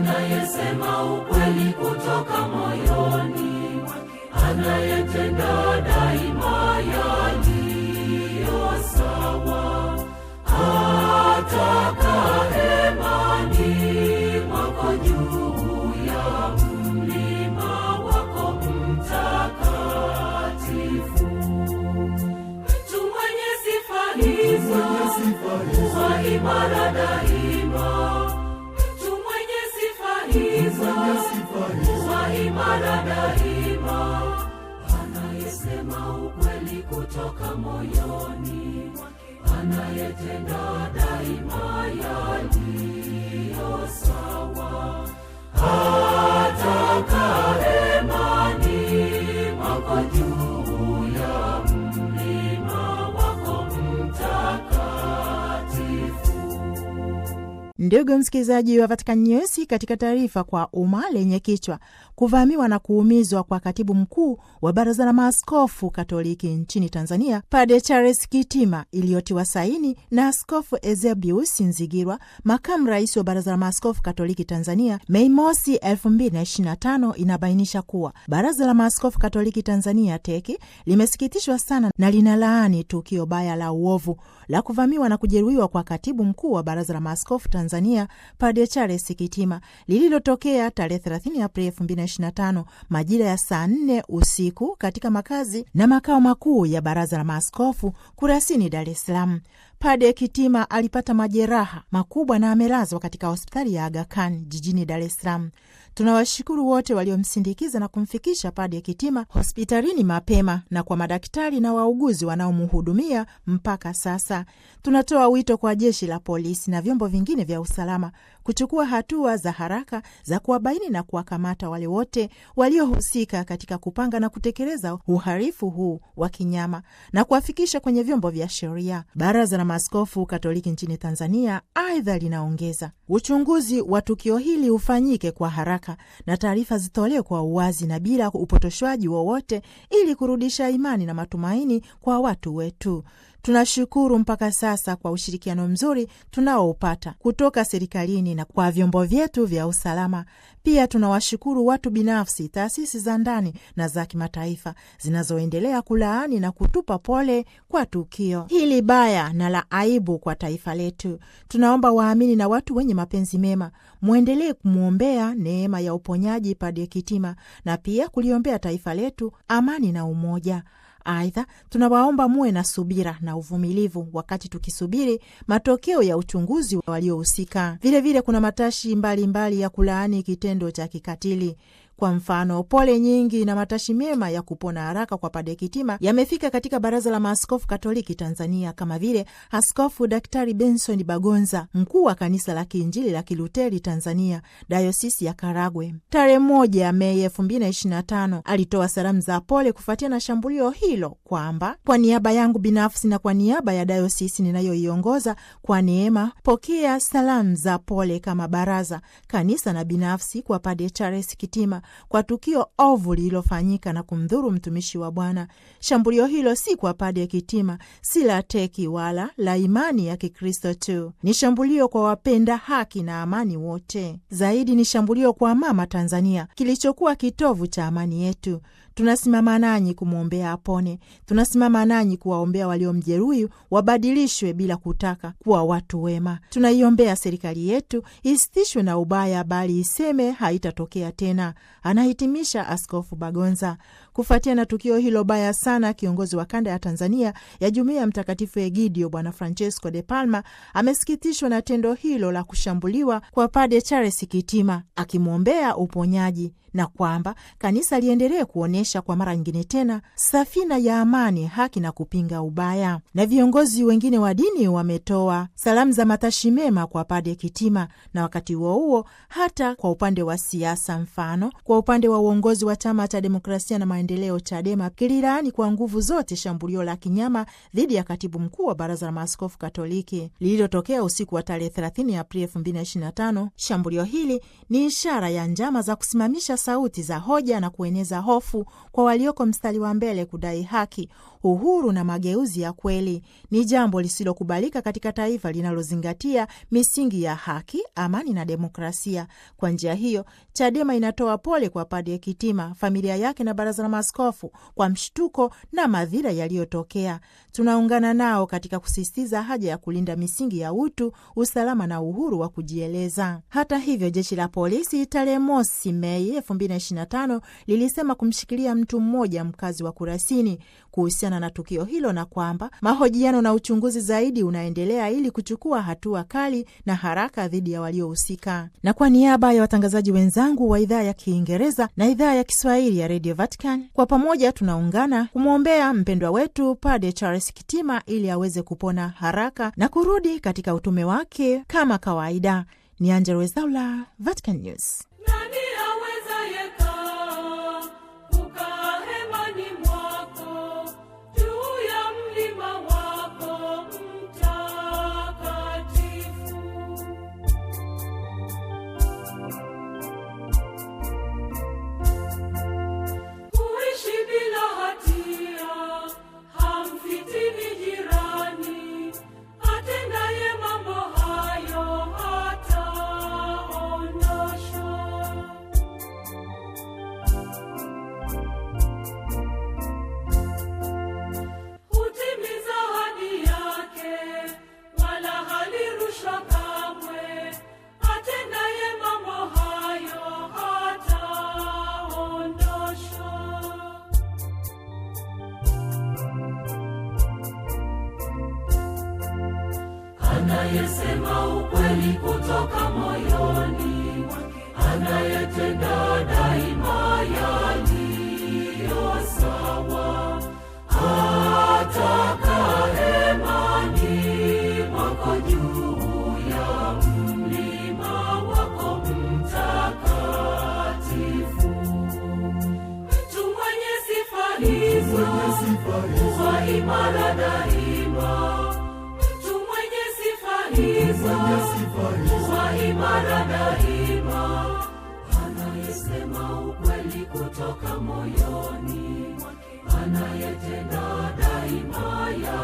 anayesema ukweli kutoka moyoni, anayetenda daima yaliyo sawa hata Roho imara daima, anayesema ukweli kutoka moyoni, anayetenda daima yali Ndugu msikilizaji wa Vatican News, katika taarifa kwa umma lenye kichwa kuvamiwa na kuumizwa kwa katibu mkuu wa baraza la maaskofu Katoliki nchini Tanzania, Pade Charles Kitima, iliyotiwa saini na Askofu Ezebius Nzigirwa, makamu rais wa baraza la maaskofu Katoliki Tanzania, Mei mosi 2025, inabainisha kuwa baraza la maaskofu Katoliki Tanzania teki limesikitishwa sana na linalaani tukio baya la uovu la kuvamiwa na kujeruhiwa kwa katibu mkuu wa Baraza la Maaskofu Tanzania Padre Charles Kitima lililotokea tarehe 30 Aprili 2025 majira ya saa 4 usiku katika makazi na makao makuu ya Baraza la Maaskofu Kurasini, Dar es Salaam. Pade Kitima alipata majeraha makubwa na amelazwa katika hospitali ya Aga Khan jijini Dar es Salaam. Tunawashukuru wote waliomsindikiza na kumfikisha Pade Kitima hospitalini mapema na kwa madaktari na wauguzi wanaomhudumia mpaka sasa. Tunatoa wito kwa jeshi la polisi na vyombo vingine vya usalama kuchukua hatua za haraka za kuwabaini na kuwakamata wale wote waliohusika katika kupanga na kutekeleza uhalifu huu wa kinyama na kuwafikisha kwenye vyombo vya sheria. Baraza la maaskofu Katoliki nchini Tanzania aidha linaongeza uchunguzi wa tukio hili ufanyike kwa haraka na taarifa zitolewe kwa uwazi na bila upotoshwaji wowote, ili kurudisha imani na matumaini kwa watu wetu. Tunashukuru mpaka sasa kwa ushirikiano mzuri tunaoupata kutoka serikalini na kwa vyombo vyetu vya usalama. Pia tunawashukuru watu binafsi, taasisi za ndani na za kimataifa zinazoendelea kulaani na kutupa pole kwa tukio hili baya na la aibu kwa taifa letu. Tunaomba waamini na watu wenye mapenzi mema mwendelee kumwombea neema ya uponyaji Padre Kitima na pia kuliombea taifa letu amani na umoja. Aidha, tunawaomba muwe na subira na uvumilivu wakati tukisubiri matokeo ya uchunguzi waliohusika. Vilevile kuna matashi mbalimbali mbali ya kulaani kitendo cha kikatili. Kwa mfano, pole nyingi na matashi mema ya kupona haraka kwa Padre Kitima yamefika katika Baraza la Maaskofu Katoliki Tanzania, kama vile Askofu Daktari Benson Bagonza, mkuu wa Kanisa la Kiinjili la Kiluteri Tanzania, dayosisi ya Karagwe, tarehe moja Mei elfu mbili na ishirini na tano alitoa salamu za pole kufuatia na shambulio hilo, kwamba kwa niaba yangu binafsi na kwa niaba ya dayosisi ninayoiongoza kwa neema, pokea salamu za pole kama baraza, kanisa na binafsi kwa Padre Charles Kitima kwa tukio ovu lililofanyika na kumdhuru mtumishi wa Bwana. Shambulio hilo si kwa padi ya kitima, si la teki wala la imani ya Kikristo tu, ni shambulio kwa wapenda haki na amani wote. Zaidi ni shambulio kwa mama Tanzania, kilichokuwa kitovu cha amani yetu. Tunasimama nanyi kumwombea apone, tunasimama nanyi kuwaombea waliomjeruhi wabadilishwe, bila kutaka kuwa watu wema. Tunaiombea serikali yetu isitishwe na ubaya, bali iseme haitatokea tena, anahitimisha Askofu Bagonza. Kufuatia na tukio hilo baya sana, kiongozi wa kanda ya Tanzania ya Jumuiya ya Mtakatifu Egidio Bwana Francesco de Palma amesikitishwa na tendo hilo la kushambuliwa kwa pade Charles Kitima, akimwombea uponyaji na kwamba kanisa liendelee kuonyesha kwa mara nyingine tena safina ya amani, haki na kupinga ubaya. Na viongozi wengine wa dini wametoa salamu za matashi mema kwa Padre Kitima, na wakati huo huo hata kwa upande wa siasa, mfano kwa upande wa uongozi wa chama cha demokrasia na maendeleo CHADEMA kililaani kwa nguvu zote shambulio la kinyama dhidi ya katibu mkuu wa baraza la maaskofu Katoliki lililotokea usiku wa tarehe 30 Aprili 2025. Shambulio hili ni ishara ya njama za kusimamisha sauti za hoja na kueneza hofu kwa walioko mstari wa mbele kudai haki, uhuru na mageuzi ya kweli ni jambo lisilokubalika katika taifa linalozingatia misingi ya haki, amani na demokrasia. Kwa njia hiyo, Chadema inatoa pole kwa Padre Kitima, familia yake na baraza la maaskofu kwa mshtuko na madhira yaliyotokea. Tunaungana nao katika kusisitiza haja ya kulinda misingi ya utu, usalama na uhuru wa kujieleza. Hata hivyo, jeshi la polisi tarehe mosi Mei elfu mbili na ishirini na tano lilisema kumshikilia mtu mmoja mkazi wa Kurasini kuhusiana na tukio hilo na kwamba mahojiano na uchunguzi zaidi unaendelea ili kuchukua hatua kali na haraka dhidi ya waliohusika. Na kwa niaba ya watangazaji wenzangu wa idhaa ya Kiingereza na idhaa ya Kiswahili ya Radio Vatican, kwa pamoja tunaungana kumwombea mpendwa wetu Padre Charles Kitima ili aweze kupona haraka na kurudi katika utume wake kama kawaida. Ni Angella Rwezaula, Vatican News. anayesema ukweli kutoka moyoni, anayetenda daima yaliyo sawa, ataka hemani mwako juu ya mlima wako mtakatifu. Mtu mwenye sifa hizo huwa imara daima imara daima anayesema ukweli kutoka moyoni, anayetenda daima ya